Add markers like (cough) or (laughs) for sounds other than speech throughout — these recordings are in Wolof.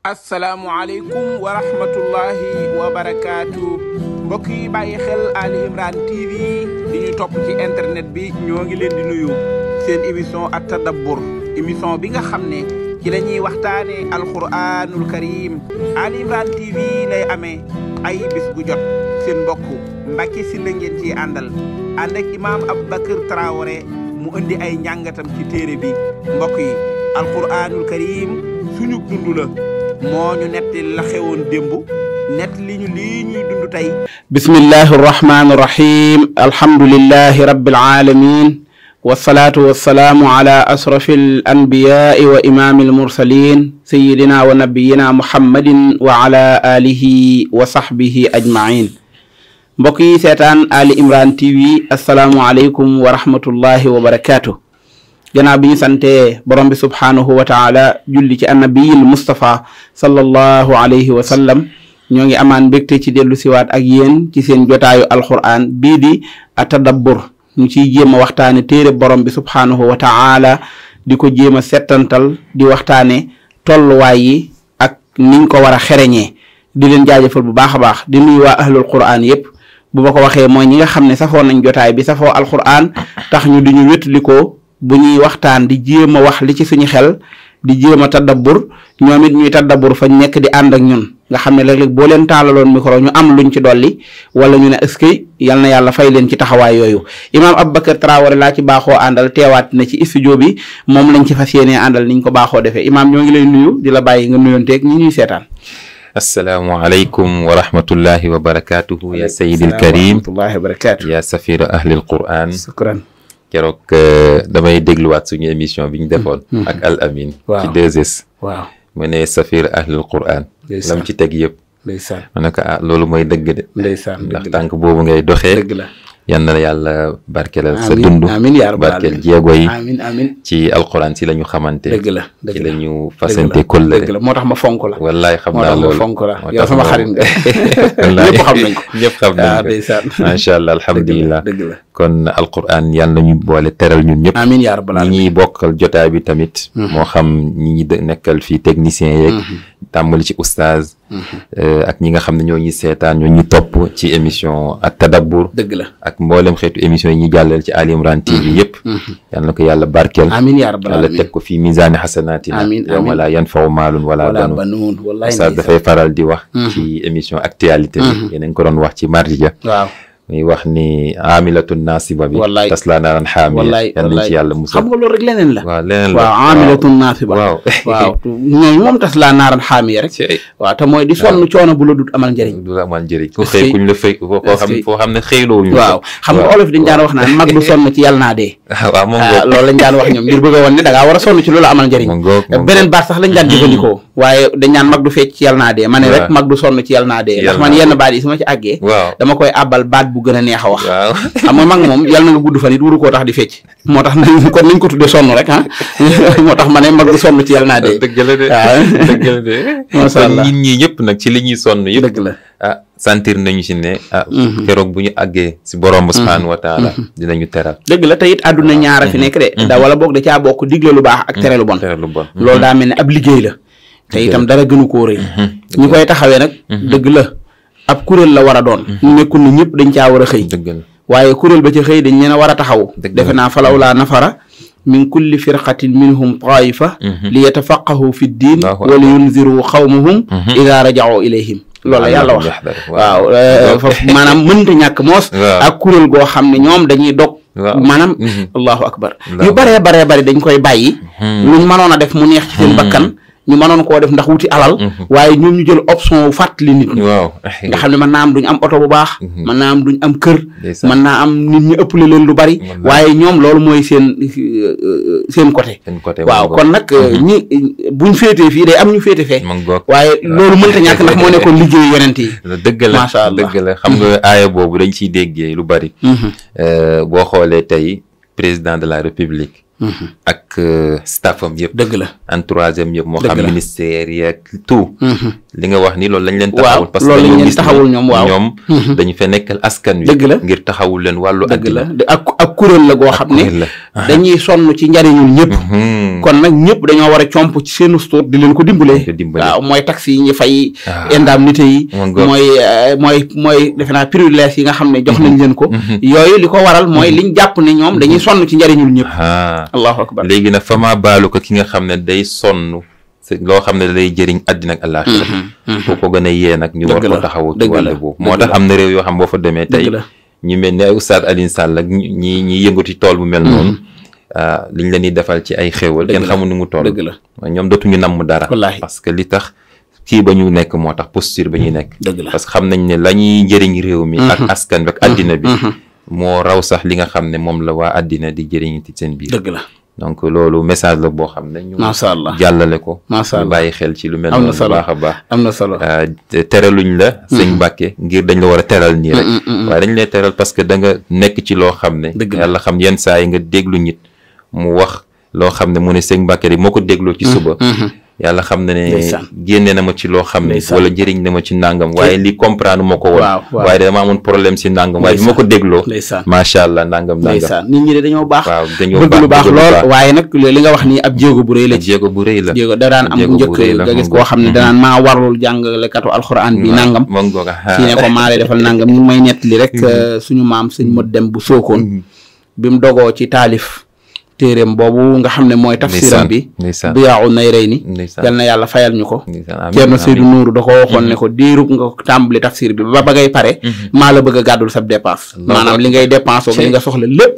asalaamualeykum wa rahmatullahi wa barakaatu mbokk yi bàyyi xel Ali Imran TV di ñu topp ci internet bi ñoo ngi leen di nuyu seen émission at tadabbur émission bi nga xam ne ci la ñuy waxtaane alquranul karim Ali Imran TV lay amee ay bis gu jot seen mbokk Mbacke Sylla ngeen ciy àndal ànd ak imaam Aboubacar Traoré mu indi ay njàngatam ci téere bi mbokk yi alquranul suñu dund moo ñu netti la xewoon démb nett li ñu lii ñuy dund tey bismillahi arrahmani irrahim alhamdulillahi rabbil alamin wasalaatu wasalaamu ala ashrafi al anbiyaai wa imaami al mursalin sayidina wa nabiyina muhammadin wa ala alihi wa sahbihi ajmain mbokk yi seetaan ali imran tv asalaamu aleykum wa rahmatullahi wa barakaatu gannaaw bi ñu santee borom bi subhaanahu wa taala julli ci annabiyil mustapha sallallahu alayhi wa sallam ñoo ngi amaan mbégte ci dellu siwaat ak yéen ci seen jotaayu alquran bii di atadabbur ñu ciy jéem a waxtaane téere borom bi subhaanahu wa taala di ko jéem a settantal di waxtaane tolluwaay yi ak niñ ko war a xereñee di leen jaajëfal bu baax a baax di nuyu waa ahlul quran yépp bu ma ko waxee mooy ñi nga xam ne safoon nañ jotaay bi safoo alquran tax ñu di ñu wétlikoo bu ñuy waxtaan di jéem a wax li ci suñu xel di jéem a tàddabur ñoom it ñuy tàddabur fañ nekk di ànd ak ñun nga xam ne léeg-léeg boo leen taalaloon micro ñu am luñ ci dolli wala ñu ne ëskay yal na yàlla fay leen ci taxawaay yooyu imaam Aboubacar Traoré laa ci baaxoo àndal teewaat na ci studio bi moom lañ ci fas yéenee àndal niñ ko baaxoo defee imaam ñoo ngi lay nuyu di la bàyyi nga nuyoonteeg ñi ñuy seetaan. asalaamualeykum wa rahmatullahi wa barakaatuhu. ya sayyidil karim wa rahmatullahi wa barakaatuhu. ya safiru ahlil quran. shukran. keroog euh, damay dégluwaat suñu émission bi ñu defoon. Hmm. ak Al Amin. ci 2S. waaw mu ne Safir ahlul Quran. lam ci teg yëpp. ndeysaan ma ne ko ah loolu mooy dëgg de. ndeysaan ndax tànk boobu ngay doxe dëgg la yal na yàlla barkeel sa dund barkeel jéego yi ci alquran si la ñu xamante dëgg la ci la ñu fasante kóllëre dëgg la moo tax ma fonk la wallaay xam naa loolu fonk la yow la xarit nga (laughs) ñëpp xam nañ ko ñëpp xam nañ ah, ko macha allah alhamdulilah la kon alquran yal na ñu boole teral ñu ñëpp amiin yaa rabbal ñi ñuy bokkal jotaay bi mm-hmm. moo xam ñi ñi nekkal fii technicien yeeg mm-hmm. tàmbali ci oustaz Euh, ak ñi nga xam ne ñoo ñuy seetaan ñoo ñuy topp ci émission ak tadabbur dëgg la ak mboolem xeetu émission yi ñuy jàllale ci Ali Imran TV mm-hmm. yëpp mm-hmm. yal na ko yàlla barkeel amiin yaa rabbal aalamiin yàlla ko fii misaani xasanaatina amiin yawma laa yanfau maalun wala banuun wallaay dafay faral di wax ci mm-hmm. émission actualité bi yeneen ko doon wax ci mardi ja muy wax ni amilatu naasiba bi wallaay taslaa naaran xaamiya wallaay wallaay ci yàlla musal xam nga loolu rek leneen la waaw leneen la waaw amilatu naasiba waaw waaw ñooñu moom taslaa naaran xaamiya rek waaw te mooy di sonn coono bu la dut amal njëriñ du la amal njëriñ ku xëy kuñ la fay koo xam foo xam ne xëyloowuñu waaw xam nga olof dañ daan wax naan mag du sonn ci yàlla naa dee (laughs) ah, waaw moom ah, loolu lañ daan wax ñoom ngir bëgg a woon ne da ngaa war a sonn ci loolu amal njëriñ beneen baat sax lañ daan jëfandikoo mm. waaye dañ naan mag du fecc ci yàlla naa dee ma ne rek mag du sonn ci yàlla naa dee ndax man yenn baat yi su ma ci àggee dama koy àbbal baat bu bu gën a neex a wax. waaw xam nga mag moom yàlla na nga gudd fan it waru koo tax di fecc. moo tax kon nañ ko tuddee sonn rek ah. (laughs) moo tax ma mag du sonn ci yàlla naa dee. dëgg la de (laughs) dëgg la (laughs) la ah sentir nañu si ne. ah mhm. bu ñu àggee si borom. Mhm. subhaanahu wa taala mhm. dinañu teral. dëgg la te it àdduna ñaara fi nekk de. da a boog da caa bokk digle lu baax ak tere lu bon. tere lu daa mel ne ab liggéey la. te itam dara gënu koo rëy. ñi koy taxawee nag dëgg la ab kuréel la war a doon mm-hmm. nekkul ni ñëpp dañ caa war a xëy waaye kuréel ba ca xëy dañ leen a war a taxaw defe na falaw laa nafara min kulli firqatin minhum taifa mm-hmm. li yatafaqahu fi ddin wa li yunziru xawmahum mm-hmm. ida rajao ilayhim loolu la yàlla wax waaw eh, (laughs) eh, maanaam mënta ñàkk moos ak kuréel goo xam ne ñoom dañuy dog maanaam allahu akbar yu baree baree bari dañ koy bàyyi luñ mënoon a def mu neex ci seen bakkan ñu mënoon koo def ndax wuti alal mhm. waaye ñoom ñu jël option fàttali nit ñi nga xam ne man naa am duñ am oto bu baax man mhm. naa am duñ am kër man naa am nit ñu ëpp ëppale leen lu bari waaye ñoom loolu mooy seen euh, euh, seen côté waaw kon nag euh, mhm. ñi buñ féetee fii day am ñu féete fee waaye loolu mënta ñàkk ndax moo nekkoon (laughs) liggéey yonent yi dëgg la macha allah dëgg la xam nga aaya boobu dañ ciy déggéey lu bari boo xoolee tey président de la république Mm-hmm. ak euh, staffam yëpp. dëgg la entourage am yëpp moo xam ministère yeeg tout. Mm-hmm. li nga wax ni loolu lañ leen taxawul parce que loolu lañ leen taxawul ñoom waaw mhm. dañu fe nekkal askan wi dëgg la ngir taxawul leen wàllu àddina la ak ak kuréel la goo xam ne ah. dañuy sonn ci njariñul ñëpp mhm. kon nag ñëpp dañoo war a comp ci seenu stoor di leen ko dimbalee waaw mooy taxe yi ñu fay ah. indemnité yi mooy euh, mooy mooy defe naa privilège yi nga xam ne jox mhm. nañ leen ko yooyu li ko waral mooy liñ jàpp ne ñoom dañuy sonn ci njariñul ñëpp ah. allahu akbar léegi nag fama baalu ko ki nga xam ne day sonn loo xam ne lay jëriñ àddina ak àllaaxira mm-hmm, mm-hmm. ko gën a yee nag ñu war ko taxawu ci wàll boobu moo tax am na réew yoo xam boo fa demee tey ñu mel ni ay oustaz Alioune Sall ak ñi ñi tool bu mel mm-hmm. noonu ah, liñ leen di defal ci ay xéewal kenn xamul ni mu toll dëgg la ñoom dootuñu namm dara parce que li tax kii ba ñu nekk moo tax posture ba ñuy nekk parce que xam nañ ne la ñuy njëriñ réew mi ak askan bi ak àddina bi moo raw sax li nga xam ne moom la waa àddina di jëriñ ci seen biir dëgg la donc loolu message la boo xam ne. macha allah ñu jàllale ko. macha allah bàyyi xel ci lu mel. am na solo baax a baax. am na solo euh, teraluñ la. Mm. sëñ Mbàkke ngir dañ la war a teral nii rek. Mm, mm, waaye dañ lay teral parce que danga nekk ci loo xam ne. yàlla xam yenn saa yi nga déglu nit mu wax. loo xam ne mu ne sëñ Mbàkke rek moo ko dégloo ci suba yàlla xam na ne génne na ma ci loo xam ne wala njëriñ na ma ci nàngam waaye li comprendre ma ko woon waaye dama amoon problème si nàngam waaye bi ma ko dégloo macha allah nàngam nàngam nit ñi de dañoo baax waaw dañoo bëgg lu baax lool waaye nag li nga wax nii ab jéego bu rëy la jéego bu rëy la da daan am bu njëkk gis koo xam ne danaan maa warul jàngalekatu alxuraan bi nàngam fii ne ko maa lay defal nàngam ñu may nett li rek (laughs) euh, ñu maam sëñ mot dem bu sookoon mm-hmm. bi mu dogoo ci taalif téeréem boobu nga xam ne mooy tafsiram bi Diyaawu Nayrayni yal na yàlla fayal ñu ko Ceerno Seydou Nourou da ko waxoon ne ko mhm. diirug nga tàmbali tafsir bi ba ba ngay pare mhm. maa la bëgg gàddul sa dépense maanaam li ngay dépense oog li nga soxla lépp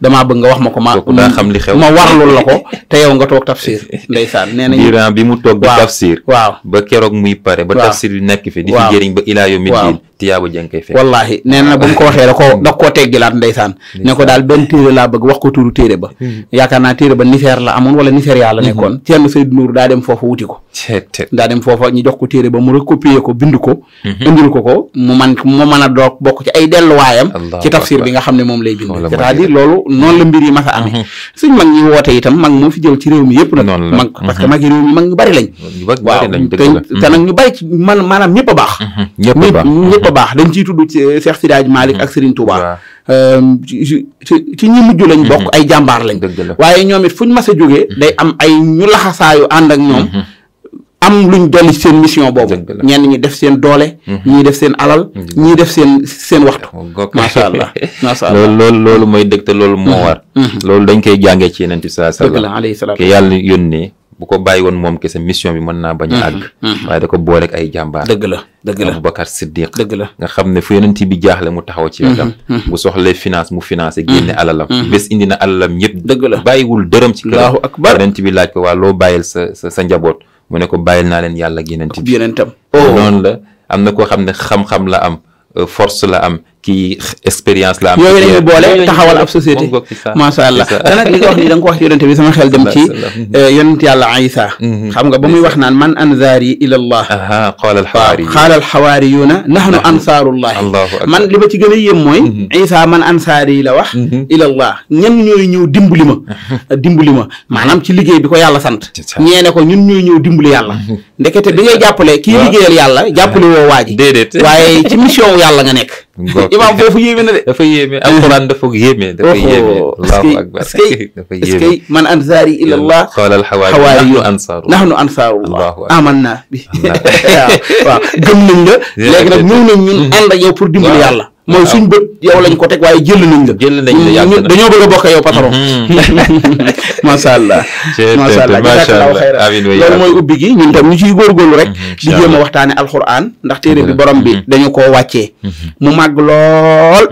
damaa bëgg nga wax ma ko ma daa xam li xew ma warlul la ko te yow nga toog tafsir (laughs) ndeysaan nee nañu diiran bi mu toog di tafsir waaw ba keroog muy pare ba tafsir bi nekk fi di fi jëriñ ba ilaa yawmi diin tiyaaba jàng wallaahi nee na mu ko waxee da ko (laughs) da koo teggilaat ndeysaan ne ko daal benn téere laa bëgg wax ko turu téere ba hmm. yaakaar naa téere ba nifeer la amoon wala nifeer yaa la hmm. nekkoon Thierno Seydou Nour daa dem foofa wuti ko daa dem foofa ñu jox ko téere ba mu recopier ko bind ko hmm. indil ko ko mu man a doog bokk ci ay delluwaayam ci tafsir bi nga xam ne moom lay bind cest à loolu noonu la mbir yi mas a amee mag ñi woote itam mag moo fi jël ci réew a a baax dañ ciy tudd eh, Cheikh Sidaaj Malick ak Serigne Touba. Euh, ci ci ñi mujj lañ bokk mm-hmm. ay jàmbaar lañ. waaye ñoom it fuñ mas a jógee. Mm-hmm. day am ay ñu laxasaayu ànd ak ñoom. Mm-hmm. am luñ dolli ci seen mission boobu ñenn ñi def seen doole ñii def seen alal ñii def seen seen waxtu oh, masha allah masha allah loolu loolu loolu mooy dëgg te loolu moo war loolu dañ koy jàngee ci yeneen ti saa sallam ke yàlla yónnee bu ko bàyyi woon moom kese mission bi mën naa bañ a mhm. àgg mhm. waaye da ko booleeg ay jàmbaar dëgg la dëgg la Aboubacar Siddiq dëgg la nga xam ne fu yonent bi jaaxle mu taxaw ci wetam mhm. bu soxlee finance mu financé génne alalam bés indi na alalam ñëpp dëgg la bàyyiwul dërëm ci kër Allahu akbar yonent bi laaj ko waa bàyyil sa sa sa njaboot mu ne ko bàyyil naa leen yàlla ak yonent bi yonentam oh. Oh. noonu la am na koo xam ne xam-xam la am euh, force la am kii expérience la am. yooyu la ñuy boole taxawal ab société. macha allah te nag li nga wax nii da nga ko wax ci yonente bi sama xel dem ci. (laughs) Eh, yonent yàlla Isa. Mm-hmm. xam nga ba muy wax naan man anzaari ila allah. qaala alxawaariyuuna waaw qaala alxawaariyuuna nahnu ansaarullahi. man li ma ci gën a yem mooy. Mm-hmm. Isa man ansaari la wax. Mm-hmm. ila allah ñan ñooy ñëw dimbali ma. (laughs) dimbali ma maanaam ci liggéey bi ko yàlla sant. ñee ne ko ñun ñooy ñëw dimbali yàlla. ndekete bi ngay jàppale kii liggéeyal yàlla jàppale woo waa ji. déedéet waaye ci mission yàlla nga nekk. imaam foofu yéeme na de. dafa yéeme alxuraan dafa yéeme. dafa yéeme allahu akbar est-ce que (laughs) est-ce que man ansaari ila allah. xoolal xawaari yu ansaaru nahnu ansaarullah amanna bi (laughs) (laughs) waaw gëm nañ la léegi nag ñëw nañ ñun ànd ak yow pour dimbali yàlla mooy suñ bët yow lañ ko teg waaye jël nañ la. jël nañ la yàgg na dañoo bëgg a bokk yow patron. Mm-hmm. (laughs) macha allah. macha allah macha allah loolu mooy ubbi gi ñun tam ñu ciy góorgóorlu rek. Mm-hmm. di jéem a waxtaane alxuraan ndax téere bi borom bi mm-hmm. dañu koo wàccee. mu màgg lool.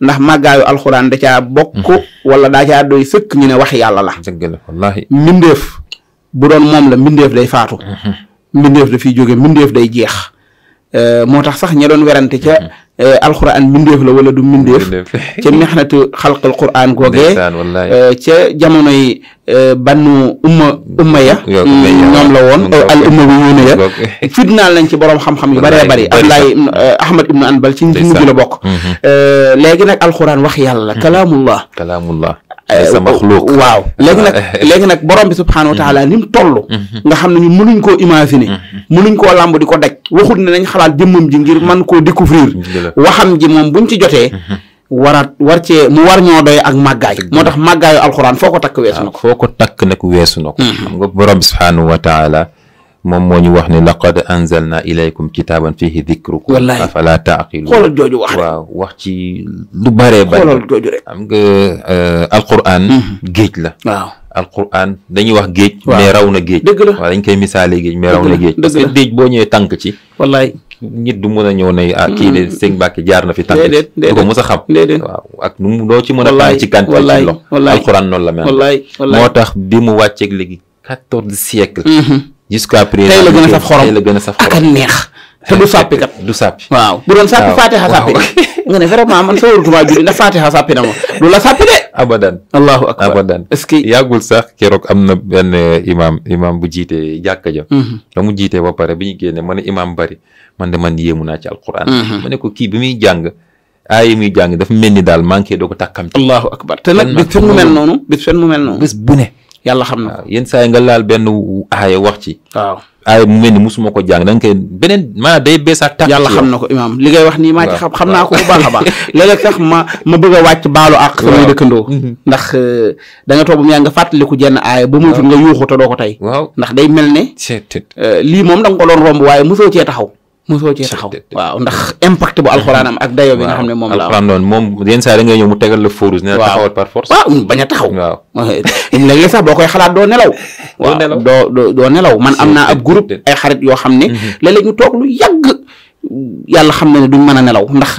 ndax màggaayu alxuraan da caa bokk. wala daa caa sëkk ñu ne wax yàlla la. dëgg la wallaahi. bu doon moom la mbindeef day faatu. mbindeef dafiy jóge day jeex. Euh, moo tax sax ña doon werante ca. Euh, alxuraan mbindeef la wala du mbindeef (laughs) ca mexnatu xalqal quraan googee euh, ca jamonoy euh, bannu umma umma ya mm, la woon al umma bi yuuna ya fitnaal nañ ci boroom xam-xam yu bëree bëri Ablaay Ahmad ibnu Anbal ci mujj la bokk mm-hmm. léegi nag alxuraan wax yàlla mm-hmm. la Euh, waaw léegi nag (laughs) léegi nag borom bi subhaanahu wa taala ni mu toll mhm. nga xam ne ñu mënuñ koo imaginer mhm. mënuñ koo làmb di ko daj waxut ne nañ xalaat jëmmam ji ngir mhm. man koo découvrir waxam ji moom buñ ci jotee waraat war cee mu war ñoo doy ak màggaay moo tax màggaayu alxuraan foo ko takk weesu na ko foo ko takk nag weesu na ko xam nga borom bi subhaanahu wa taala moom moo ñu wax ne laqad anzalna ilaykum kitaaban fihi dikrukum wallahi afala taaqilu xoolal jooju wax waaw wax ci lu bëree bëri xoolal jooju am nga euh, alquran mhm. géej la waaw alquran dañu wax géej mais raw na géej dëgg la waaw dañ koy misaalee géej mais raw na géej parce que géej boo ñëwee tànk ci wallaay nit du mën a ñëw ne ah mm-hmm. kii de sëñ Mbàkke jaar na fi tànk ci du ko mës a xam waaw ak nu doo ci mën a fay ci kante ci al alquran noonu la mel moo tax bi mu wàcceeg léegi quatorze siècle mm-hmm. jusqu'à présent tey la gën a saf xorom tey la gën a saf xorom ak a neex. (laughs) te du sàppi kat du sàppi. waaw bu doon sàppi Fatiha sàppi (laughs) nga ne vraiment na ma du la sàppi de. abadan abadan est-ce que yàggul sax am na imaam bu jiitee jàkka ja da mhm. mu jiitee ba pare bi ñu génne ma ne imaam bari man de man yéemu naa ci alquran mhm. ma ne ko kii bi muy jàng aay muy jàng dafa mel ni daal manqué doo ko tàkkam allahu akbar te mu mel noonu bés fen mu mel noonu bés yàlla xam na yenn saa yi nga laal benn aaya wax ci. waaw aaya mu mel ni musuma ko jàng da nga koy beneen maanaam day bees ak. yàlla xam na ko imaam li ngay wax ni ma ci xam xam naa ko bu baax a baax (laughs) léeg-léeg ma ma bëgg a wàcc baalu àq. waaw samay dëkkandoo. Mhm. ndax euh, da nga toog ba mu yàgg nga fàttaliku jenn aaya ba mu fi nga yuuxu doo ko tey. ndax day mel ne. Euh, lii moom da nga ko doon romb waaye mosoo cee taxaw. mosoo cee taxaw waaw ndax impact bu alxuraan am ak dayo bi nga xam ne moom la alxuraan doon moom yenn saa da ngay ñëw mu tegal la forus ne taxawat a taxaw waaw (laughs) léeg-léeg boo koy xalaat doo nelaw waaw doo doo nelaw man am naa ab groupe ay xarit yoo xam ne mhm. léeg toog lu yàgg yàlla xam na ne duñ mën a nelaw ndax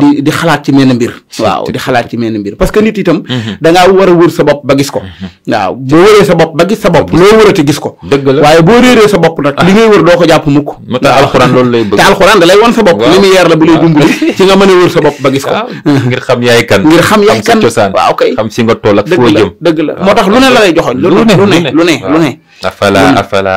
di di xalaat ci menn mbir waaw di xalaat ci menn mbir parce que nit itam mhm. dangaa war a wër sa bopp ba gis ko mhm. waaw boo wëree sa bopp ba gis sa bopp loo gis ko dëgg la waaye boo réeree sa bopp nag ah. li wër doo ko jàpp mukk te alxuraan loolu lay bëgg te alxuraan da lay won sa bopp mu yeer la bu lay dimbali (laughs) ci nga mën a wër sa ba gis ko ngir xam yaay kan ngir xam yaay kan waaw kay xam si nga toll ak foo jëm la moo tax lu ne la lay joxoñ lu ne lu ne lu ne afala afala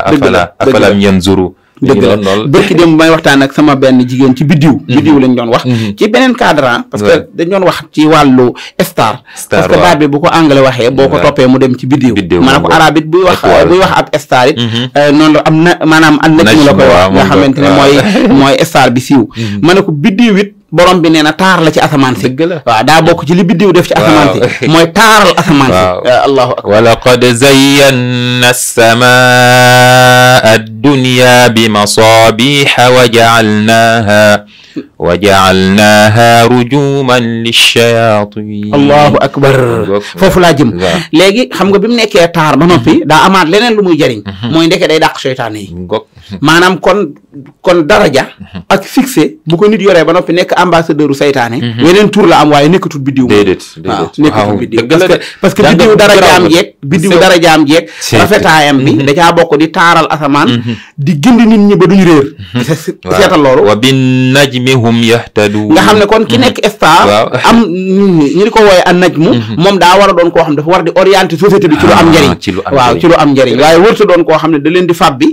afala yanzuru dëgg la bërki démb may waxtaan ak sama benn jigéen ci biddiw mhm. biddiw lañ doon wax mhm. ci beneen cadre parce que dañ doon wax ci wàllu star parce que baat bi bu ko anglais waxee boo ko toppee mu dem ci biddiw maanaam ko arab it buy wax buy wax ab star it mhm. euh, noonu la am na maanaam an naj mu la koy wax nga xamante ne mooy (laughs) mooy star bi siiw ma ne ko biddiw it borom bi nee na taar la ci asamaan si waaw daa bokk ci li biddiw def ci asamaan si (laughs) mooy taaral asamaan si euh, allahu akbar wa laqad zayyana as-samaa الدنيا بمصابيح وجعلناها wajaalnaaha rujuman lishayatin allahu akbar foofu laa jëm léegi xam nga bi mu nekk e taar ba noppi mhm. daa amaat leneen lu muy jëriñ mhm. mooy ndeke day dàq seytaane yi mhm. maanaam kon kon daraja ak fixé bu ko nit yoree ba noppi nekk ambassadeur u seytaane weneen tur la am waaye nekkatul biddiw déedéet waaw nekkatul parce que biddiw darajaam jeeg biddiw darajaam jeeg rafetaayam da caa bokk di taaral asamaan di gindi nit ñi ba duñu réer seetal loolu najmi hum yahtadu nga xam ne kon ki nekk star am nit ñi ñu di ko wooye an najmu mhm. moom daa war a doon koo xam dafa war di orienter société bi ci lu am ah, njëriñ waaw ci lu am njëriñ waaye wërta doon koo xam ne da leen di fab bi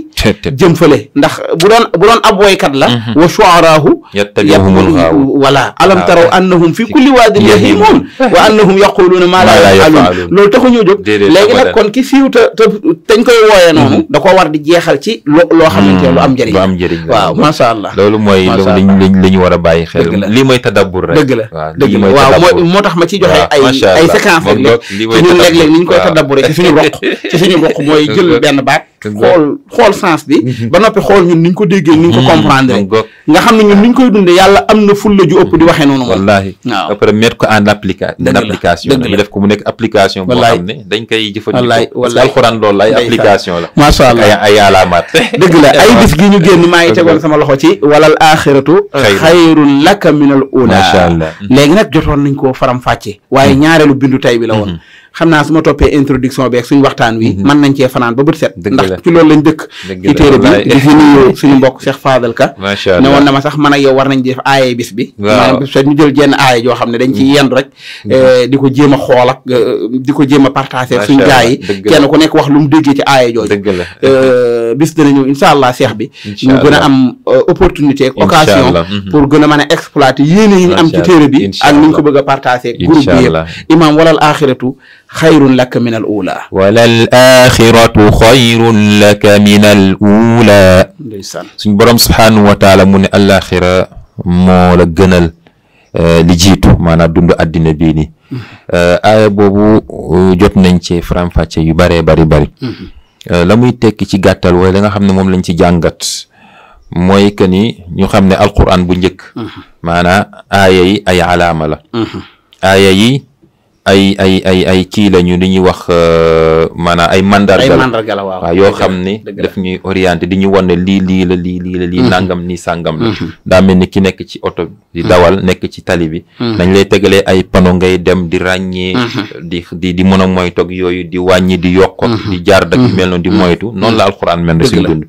jëm fële ndax bu doon bu doon ab woykat la mhm. wa shu'araahu yattabi'uhumul ghaawuun voilà alam ah, taraw ah. annahum fi kulli waadin yahiimuun wa annahum yaquluuna maa laa yaf'aluun loolu taxu ñoo jóg léegi nag kon ki siiw te te dañ koy wooyee mhm. noonu da ko war di jeexal ci loo loo xamante lu am mm, njëriñ waaw macha allah loolu mooy li ñu war a lii mooy tadabbur rek dëgg la dëgg la waaw moo moo tax ma ci joxe ay ay séquence rek ñun léeg-léeg ni ñu koy (laughs) tadabbur ci suñu roq mooy jël benn baat xool xool sens bi mhm. ba noppi xool ñun ni ñu ko déggee ni ñu ko mhm. comprendre nga xam ne ñun ni ñu koy dundee yàlla am na la ju ëpp di waxee noonu wallaahi waaw ko en applica en application ko mu nekk application boo xam ne dañ koy jëfandikoo parce que alxuraan loolu la ay application la macha allah ay alaamaat (laughs) dëgg la ay bis gi ñu génn maa ngi tegoon sama loxo ci walal axiratu uh, xayrun laka minal ula macha allah mhm. léegi nag jotoon nañ koo faram fàcce waaye ñaareelu bindu tay bi la woon xam naa su ma toppee introduction beeg suñu waxtaan wi mën nañ cee fanaan ba bët set ndax ñëpp ci loolu lañ dëkk ci téere bi di fi nuyu suñu mbokk Cheikh Fadel Ka ne woon na ma sax man ak war nañ def aaye bis bi maanaam sa ñu jël jenn aaye joo xam ne dañ ci yendu rek mm-hmm. eh, di ko jéem a xool ak eh, di ko jéem a partagé suñ gaay yi kenn ku nekk wax lu mu déggee ci aaye jooju eh, bis dana ñëw incha allah seex bi ñu gën a am opportunité ak occasion mm-hmm. pour gën a mën a exploiter yéene yi ñu am ci téere bi ak ni ñu ko bëgg a partagé groupe bi yëpp imaam walal axiratu xayrun laka min al ula wala al axiratu laka min al suñ borom subhaanahu wa mu ne alaxira moo la gënal euh, li jiitu maanaam dund àddina bii nii euh, aaya boobu euh, jot nañ ci faram-fàcce yu bëree bari bari mhm. la muy tekki ci gàttal wala la nga xam ne moom lañ ci jàngat mooy que ni ñu xam ne alquran bu njëkk mhm. maanaa aaya ay alaama la mhm. aaya ay ay ay ay kii la ñu li ñuy wax euh, maanaam ay mandarga la waaw yoo xam ne daf ñuy orienté di ñu wan lii lii la lii lii la lii mhm. nangam lii sàngam la mhm. daa mel ni ki nekk ci oto di mhm. dawal nekk ci tali bi nañ lay tegalee ay pano ngay dem di ràññee di di di mën a moytoog yooyu di wàññi di yokk di jaar dak mel noonu di moytu noonu la alquran mel na suñu dund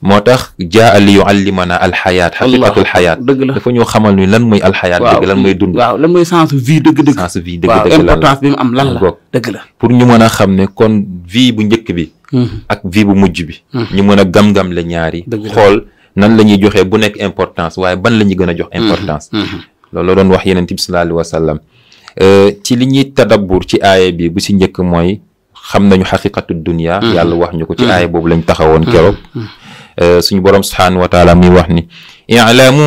moo tax jaa li yuallimana alxayaat xaqiqatul xayaat dafa ñoo xamal ni lan mooy alxayaat dëgg lan mooy dund waaw lan mooy sens vie dëgg dëgg sens dëgg importance bi mu am lan la dëgg la pour ñu mën a xam ne kon vie bu njëkk bi hmm. ak vie bu mujj bi hmm. ñu mën a gam-gam la ñaari xool nan la ñuy joxee bu nekk importance waaye ban la ñuy gën a jox hmm. importance loolu doon wax yeneen bi sallallahu alayhi wa sallam euh, ci li ñuy tadabbur ci aaya bi bu si njëkk mooy xam nañu xaqiqatu dunia yàlla wax ñu ko ci aaya boobu lañ taxawoon keroog Euh, suñu borom subhaanahu wa taala muy wax ni i'lamu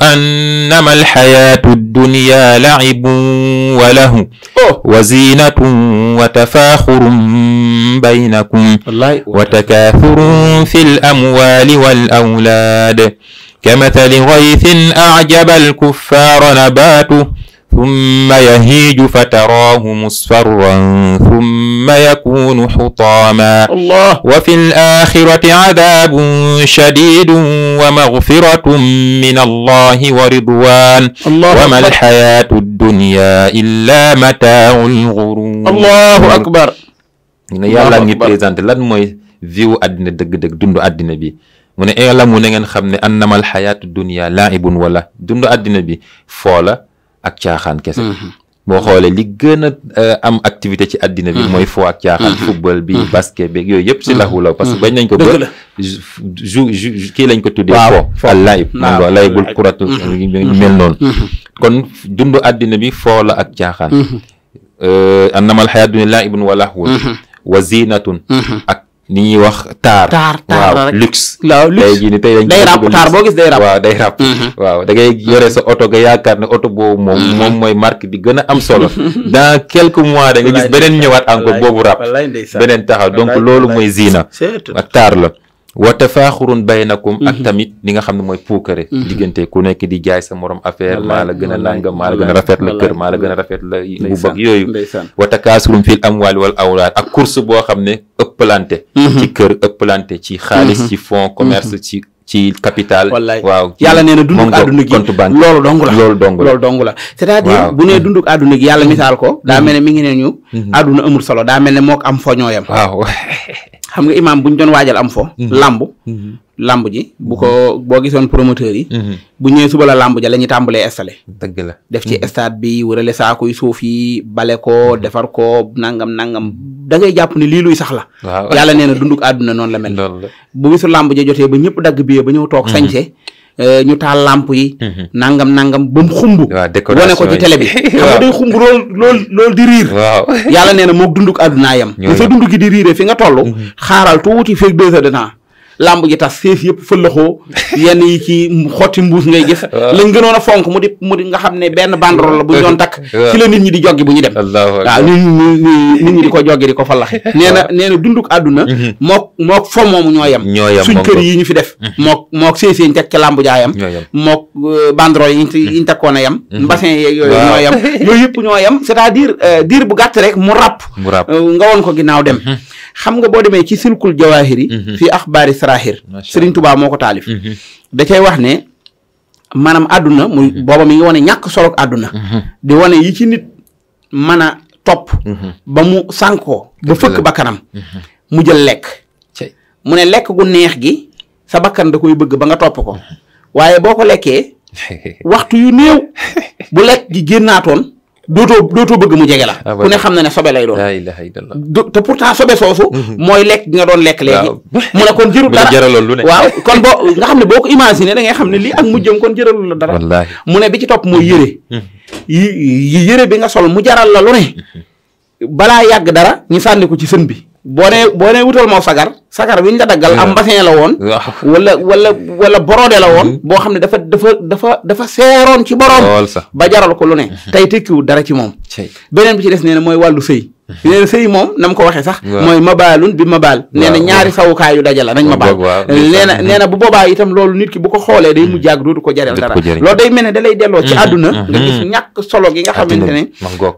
annama alxayaatu ddunya lacibun wa lahu oh. wa ziinatun wa tafaaxurun baynakum wa takaathurun fi lamwaali walawlaad kamathali ghaythin acjaba alkuffaara nabaatuhu ثم يهيج فتراه مصفرا ثم يكون حطاما الله وفي الآخرة عذاب شديد ومغفرة من الله ورضوان الله وما الحياة الدنيا إلا متاع الغرور الله أكبر yàlla ngi présenté lan mooy viwu àddina dëgg-dëgg dund àddina bi mu ne eela eh, mu ne ngeen xam ne annamal xayaatu dunia laibun wala dund àddina bi foo la ak caaxaan kese mhm. boo xoolee li gën a euh, am activité ci addina bi mhm. mooy foo ak caaxaan mhm. football bi basket bi yooyu yëpp si laxu la parce que bañ nañ ko ba ju ju kii lañ ko tuddee fo al layib waaw layibul kuratu mel noonu kon dund àddina bi foo la ak caaxaan euh, annamal xayaat dunya laibun wa lahwun wa zinatun ni ñuy wax taar. taar taar waaw luxe. jii nii tey dañ day boo gis day ràpp. waaw day ràpp. Mm-hmm. waaw da ngay yore sa oto ga yaakaar ne oto boobu moom. Mm-hmm. moom mooy marque bi gën a am solo. (laughs) dans quelques mois da nga gis beneen ñëwaat encore boobu ràpp. beneen taxaw donc loolu mooy ziina. taar la. wa tafaaxurun baynakum ak mhm. tamit li nga xam ne mooy puukare mhm. diggante ku nekk di jaay sa moroom affaire maa la gën a nangam maa la gën a rafet la kër maa la gën a rafet la bu bëgg yooyu wa takaasurun fil amwaali wal awlaad ak course boo xam ne ëppalante mhm. ci kër ëppalante ci xaalis ci fonds commerce ci ci capital waaw yàlla nee na dunduk àdduna gi loolu dong la loolu dong la loolu dong la c'est-à-dire bu nee dunduk àdduna gi yàlla misaal ko daa mel ne mi ngi ne ñu àdduna amul solo daa mel ne moo am foñooyam waaw (laughs) xam nga imaam bu ñu doon waajal am fo. lamb mhm. lamb mhm. ji bu ko boo gisoon promoteur yi. Mhm. bu ñëwee suba la lamb ja la ñuy tàmbalee installé. dëgg la def ci stade bi wërale saakuy yi yi bale ko defar ko nangam nangam da ngay jàpp ni lii luy sax la. waaw yàlla nee na dunduk àdduna noonu la mel. bu bisu lamb ja jotee ba ñëpp dagg biyee ba ñëw toog sañ tee Euh, ñu taal lamp yi. Mhm. nangam nangam ba mu xumb. wane ko ci télé bi. (laughs) xam day xumb lool lool di riir. waaw yàlla nee na moog dunduk àddunaa yam. ñoo yam bu fa dund di riiree fi nga toll. Mhm. xaaral tuuti feeg deux heures làmb ji tas sees yëpp fëllaxoo yenn yi ci xotti mbuus ngay gis lañ gënoon a fonk mu di mu nga xam ne benn banderole la bu ñu doon takk ci la nit ñi di joggi bu ñu dem waaw nit ñi nit di ko (laughs) joggi di ko fallaxe nee na nee na dunduk àdduna mhm. mook mook fo ñoo yem suñ kër yi ñu fi def mhm. mook mook sees yi ñu teg ca làmb jaayam mook euh, banderole i mhm. ñu tekkoon a yem mbassin yeeg yooyu ñoo yem (laughs) yooyu yëpp ñoo yem c'est-à-dire euh, diir bu gàtt rek mu ràpp euh, nga woon ko ginnaaw dem xam nga boo demee ci silkul jawahiri Maraahir. Serigne Touba moo ko taalif. Mhm. da cay wax ne maanaam àdduna mu mhm. booba mi ngi wane ñàkk solo àdduna. Mhm. di wane yi ci nit mën a topp. ba mu sànkoo ba fëkk bakkanam. mu jël lekk. mu ne lekk gu neex gi sa bakkan da koy bëgg ba nga topp ko waaye boo ko lekkee (laughs) waxtu yu néew (laughs) bu lekk gi génnaatoon. dootoo dootoo bëgg mu jege la. Ah, ku ne xam na ne sobe lay doon. te pourtant sobe soosu. Mhm. mooy lekk nga doon lekk léegi. (laughs) mu ne kon jërul (laughs) dara waaw (laughs) kon boo nga xam ne boo ko imaginer da ngay xam ne lii ak mujjam kon jëralul la dara. mu ne bi ci topp mooy yëre. Mhm. yi yëre bi nga sol mu jaral la lu ne. Mhm. balaa yàgg dara ñu sànni ko ci sën bi. boo nee boo nee wutal ma sagar sagar wi ñu la daggal am bassin la woon (laughs) wala wala wala borode la woon mm-hmm. boo xam ne dafa dafa dafa dafa seeroon ci boroom ba jaral ko lu ne mm-hmm. tey tekkiwul dara ci moom beneen bi ci des nee na mooy wàllu sëy (laughs) nee na sëy moom na ko waxee sax mooy mabaalun bi mabaal nee na ñaari sawukaay yu dajala nañ mabaal nee na nee na bu boobaa itam loolu nit ki bu ko xoolee day mu jàgg dootu ko jareel dara loolu day mel ne da lay delloo ci mm-hmm. àdduna mm-hmm. nga gis ñàkk solo gi nga xamante ne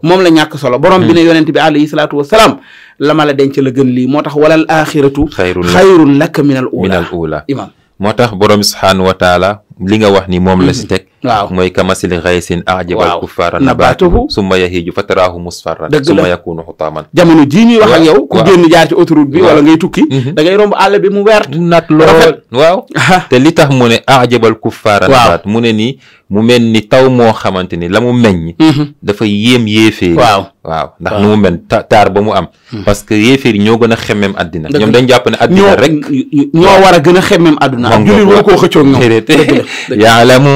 moom la ñàkk solo borom bi ne mm-hmm. yonent bi alayhi salaatu wasalaam la ma la denc la gën lii moo tax walal axiratu xayrun laka min al ula imaam moo tax borom bi subhaanahu wa taala li nga wax ni moom la si teg waaw mooy kamasili xaysin aajabal kuffaara nabaatuhu summa yahiiju fataraahu musfarran summa yakuunu xutaaman jamono jii ñuy wax ak yow ku génn jaar ci bi wala ngay tukki mhm. da ngay romb àll bi mu wert nat ni taw moo xamante ni la mu meññ mhm. dafa yéem yéeféer waaw waaw ndax nu mu mel taar ba mu am mhm. parce que yéeféer yi ñoo gën a xemmem àddina ñoom dañ jàpp ne àddina rek ñoo war a gën a xemmem àdduna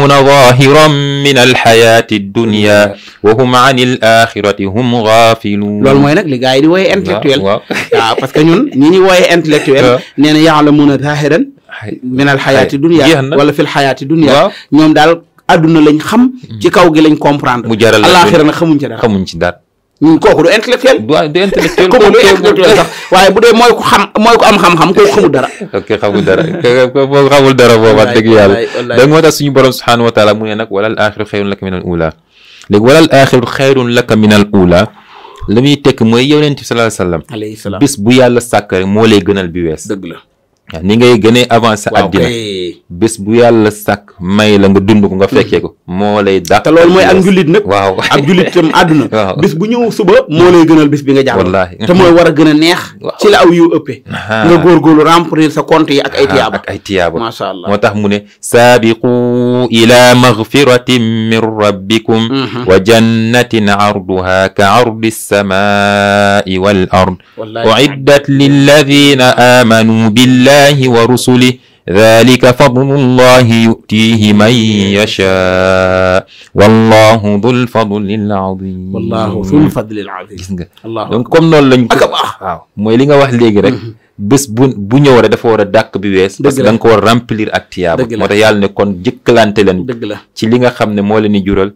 na woo zaahiran min alxayaati dunia wa hum an il axirati hum gaafiluun loolu mooy nag li gars yi di wooyee intellectuel waaw parce que ñun ñi ñuy wooyee intellectuel (laughs) nee na yaalamuuna zaahiran min alxayaati dunia wala fi alxayaati dunia ñoom daal adduna lañ xam ci kaw gi lañ comprendre mu jaral alaxira nag xamuñ ci dara xamuñ ci dara Hmm, kooku du intellectuel. du intellectuel kooku du intellectuel sax waaye bu dee mooy ko xam mooy ko am xam-xam kooku xamul dara. ok xamul dara kooku xamul dara boobu wax dëgg yàlla. da moo tax suñu borom subhaanahu wa taala mu ne nag wala al axiru xayrun laka min al ula léegi wala al axiru xayrun laka min al ula la muy tekk mooy yonent bi sallallahu alayhi wa sallam. bis bu yàlla sàkk rek moo lay gënal bi wees. dëgg la. ni ngay gën a avancer àddina bés la nga dund ko nga fekkee ko moo lay dàq te loolu mooy ak njullit nag waaw ak njullit tam àdduna (laughs) waaw bés bu ñëw suba moo lay gënal bés bi nga jàll wallaahi te mooy war a gën a neex (laughs) ci la aw yu ëppee nga góorgóorlu remplir sa compte yi ak ay tiyaaba ak ay tiyaaba maa sha Allah moo tax mu ne saabiqu ila magfiratin min rabbikum uhuh. wa jannatin arduha ka ardi samaa'i wal ard uiddat lilladina amanu billah الله ورسله ذلك فضل الله يؤتيه من يشاء والله ذو الفضل العظيم والله ذو الفضل العظيم gis nga donc comme noonu lañ ko waaw mooy li nga wax léegi rek mhm. bés bu bu ñëw rek dafa war a dàkk bi wees parce que da nga ko war remplir ak tiyaaba moo tax yàlla ne kon jëkkalante leen ci li nga xam ne moo leen di jural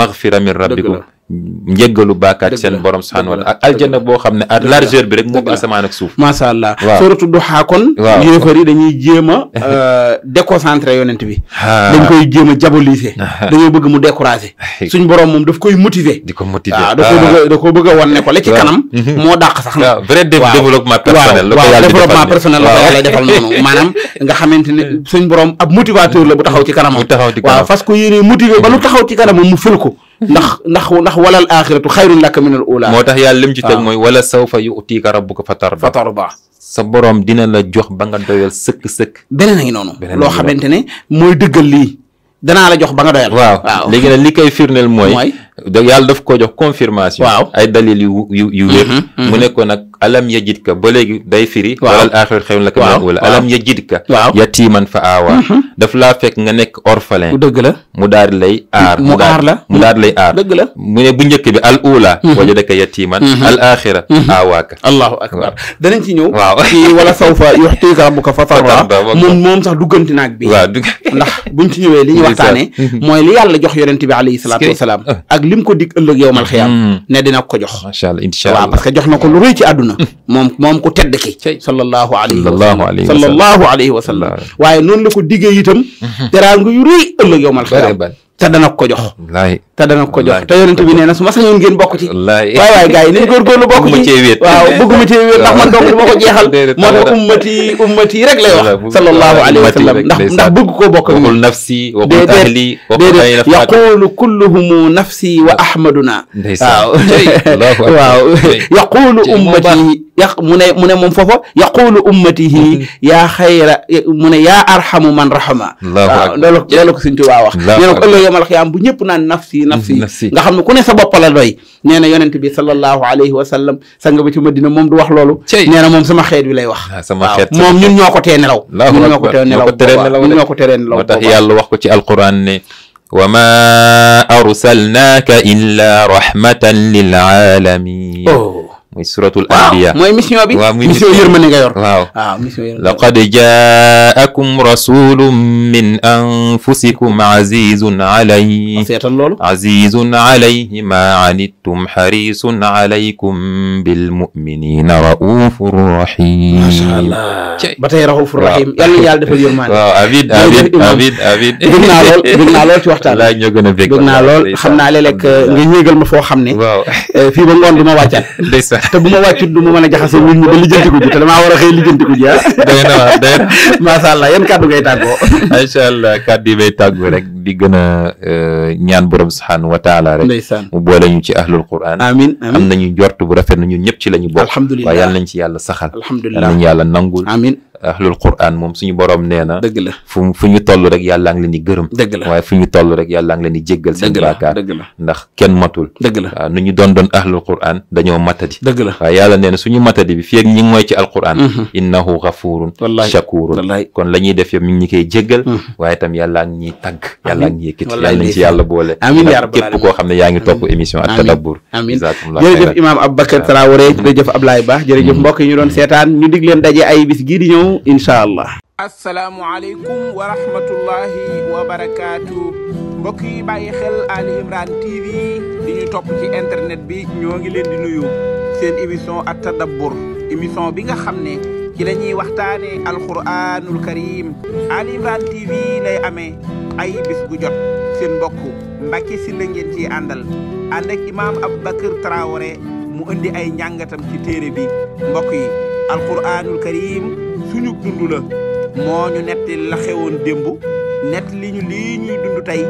maghfira min rabbikum njëggalu bàkkaat seen borom subhaanahu wa taala aljanna boo xam ne à largeur bi rek moo ko asamaan ak suuf macha allah waaw suratu duxaa kon waaw yéefar yi dañuy jéem a (laughs) euh, déconcentré yonent bi dañ koy jéem a dañoo bëgg mu décourager suñ borom moom daf koy motiver di ko motiver ah, ah. waaw da mhm. moo dàq sax na vrai développement personnel la ko yàlla développement personnel la ko yàlla defal noonu (laughs) maanaam nga xamante ne suñ borom ab motivateur la bu taxaw ci kanamam waaw fas ko yéene motiver taxaw ci kanamam mu fël ko ndax ndax ndax walal axiratu xayrun laka minal ula moo tax yàlla lim ci teg mooy wala sawfa yu'tika rabbuka fatarda fatarda sa borom dina la jox ba nga doyal sëkk-sëkk beneen a ngi noonu loo xamante ne mooy dëggal lii danaa la jox ba nga doyal waaw léegi nag li koy firndeel mooy yàlla daf ko jox confirmation ay dalil yu yu yu wér mm-hmm, mm-hmm. mu nekkoon nag alam yajidka ba léegi day firi walal aaxirat xayrun laka minal uulaa alam yajidka yatiiman fa aawaa mhm. daf laa fekk nga nekk orphelin dëgg la mu daal di lay aar mu aar la mu daal di lay aar dëgg la mu ne bu njëkk bi al uulaa mhm. wajadaka yatiiman mhm. al aaxira aawaaka allahu akbar danañ ci ñëw waaw ci wala sawfa yuxtiika rabbuka fa tardaa moom moom sax dugganti naag bi waaw ndax buñ ci ñëwee li ñuy (laughs) waxtaanee mooy li yàlla jox yonent bi alayhi salaatu wasalaam ah. ak lim ko dig ëllëg yowmal xiyaam ne dina ko jox macha allah incha allah waaw parce que jox na ko lu rëy ci àdduna àdduna moom ko ku tedd ki sallallahu alayhi wa sallallahu alayhi wa sallam waaye noonu la ko diggee itam mhm. teraanga yu rëy ëllëg yowmal te dana ko jox. wallaay te dana ko jox te yonent bi nee na su ma sañoon ngeen bokk ci. wallaay waay waay gars yi nañ góorgóorlu bokk ci waaw bëgguma cee wéet ndax man donc dama ko jeexal. moo tax ummati ummati rek lay wax. sallallahu alayhi wa sallam ndax ndax bëgg koo bokk. waxul nafsi waxul ahli waxul ay nafsi yaqulu kulluhumu nafsi wa ahmaduna. waaw waaw yaqulu ummati. yaq mu ne mu ne moom foofa yaqulu ummatihi mm-hmm. yaa xayra mu ne yaa arhamu man rahama waaw ah, loolu loolu ko Sëñ Tuubaa wax nee na ko ëllëg yomal xiyaam bu ñëpp naan mm-hmm, nafsi nafsi nga xam ne ku ne sa bopp la doy nee na yonent bi sallallahu alayhi wa sallam sang ba ci Madina moom du wax loolu nee na moom sama xeet wi lay wax ah, waaw moom ñun ñoo ko tee nelaw ñun ñoo ko tee nelaw ñun ñoo ko teree nelaw moo tax yàlla wax ko ci alquran ne waa ma arsalnaaka illa rahmatan lil alamin oh. muy suratul anbiya mooy mission bi waaw muy mission yërmande nga yor waaw waaw mission min anfusikum azizun alayhi seetal ma anittum harisun alaykum bil muminina raufur rahim masha Allah ba tey raufur rahim yàlla yàlla defal yërmande waaw amin amin amin amin bëgg naa lool lool ci waxtaan laa ñoo a lool xam naa léeg-léeg (laughs) te bu ma wàccut du ma mën a jaxasoo nit ñi ba lijjantiku ji te damaa war a xëy lijjantiku ji ah. day na waaw day na. macha allah yan kàddu ngay tàggoo. (laughs) macha allah kàddu yi rek di gën a euh, ñaan borom subhaanahu wa taala rek. ndeysaan mu boole ñu ci ahlul quran. amiin amiin am nañu njort bu rafet na ñu ñëpp ci la boo bokk. alhamdulilah waaye yàlla nañ ci yàlla saxal. alhamdulilah yàlla nañ yàlla nangul. amiin ahlul quran moom suñu la fu fu ñu toll rek yàlla ngi leen di gërëm. dëgg la waaye fu ñu toll rek yàlla ngi leen di jéggal seen baakaar ndax kenn matul. dëgg la waaw nu ñu doon doon ahlul quran dañoo matadi. la waaye yàlla nee na suñu matadi bi fii ñi mooy ci alquran. Mhm. innahu ghafurun shakurun kon la ñuy def yëpp mi ngi ñu koy jéggal. Mhm. waaye itam yàlla ngi ñuy tagg. yàlla ngi yëkkati yàlla nañ ci yàlla boole. amiin yaa rabbal képp koo xam ne yaa ngi topp émission ak tadabbur. amiin jërëjëf imam Aboubacar Traoré mhm. jërëjëf Ablaye ñu doon seetaan ñu dig daje ay bis kanam incha allah. asalaamualeykum wa rahmatullahi wa barakaatu mbokk yi xel Ali Imran TV di topp ci internet bi ñoo ngi leen di nuyu seen émission at tadabbur émission bi nga xam ne ci la ñuy waxtaanee alquranul karim Ali TV lay amee ay bis gu jot seen mbokk Mbacke Sylla ngeen ciy àndal ànd ak imaam Aboubacar Traoré mu indi ay njàngatam ci téere bi mbokk yi alquranul karim. suñu dund la moo ñu netti la xewoon démb nett li ñu lii ñuy dund tey